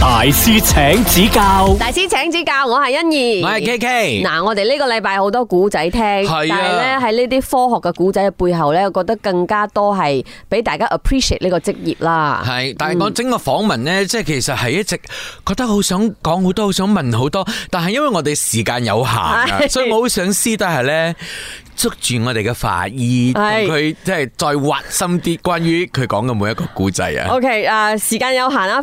大師請指教，大師請指教，我係欣怡，我係 K K。嗱，我哋呢個禮拜好多古仔聽，但係咧喺呢啲科學嘅古仔嘅背後咧，我覺得更加多係俾大家 appreciate 呢個職業啦。係，但係我整個訪問呢，即係其實係一直覺得好想講好多，好想問好多，但係因為我哋時間有限是的 所以我好想私底下咧捉住我哋嘅法醫，同佢即係再挖深啲關於佢講嘅每一個古仔啊。O K，誒，時間有限啊。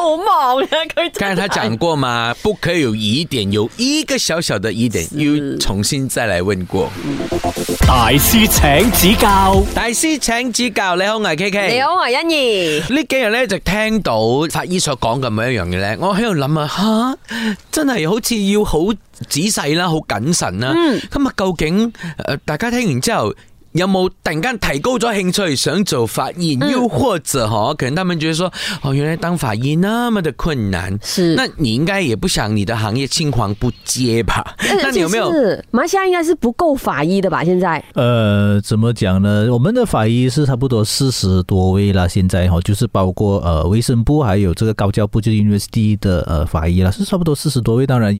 好忙啊佢。剛才 他講過嘛，不可以有疑點，有一個小小的疑點，又是重新再來問過。大師請指教，大師請指教。你好，我係 KK。你好，我係欣怡。呢幾日咧，就聽到法醫所講嘅每一樣嘢咧，我喺度諗啊，吓，真係好似要好仔細啦，好謹慎啦。咁啊、嗯，究竟誒、呃，大家聽完之後？有冇突然間提高咗興趣想走法醫？嗯、又或者、哦、可能他們覺得說，哦，原來當法醫那麼的困難。是，那你應該也不想你的行業青黃不接吧？但是那你有沒有？馬來、就是、西亞應該是不夠法醫的吧？現在？呃怎麼講呢？我們的法醫是差不多四十多位啦。現在嗬，就是包括誒衛、呃、生部，還有這個高教部就，就 University 的呃法醫啦，是差不多四十多位。當然。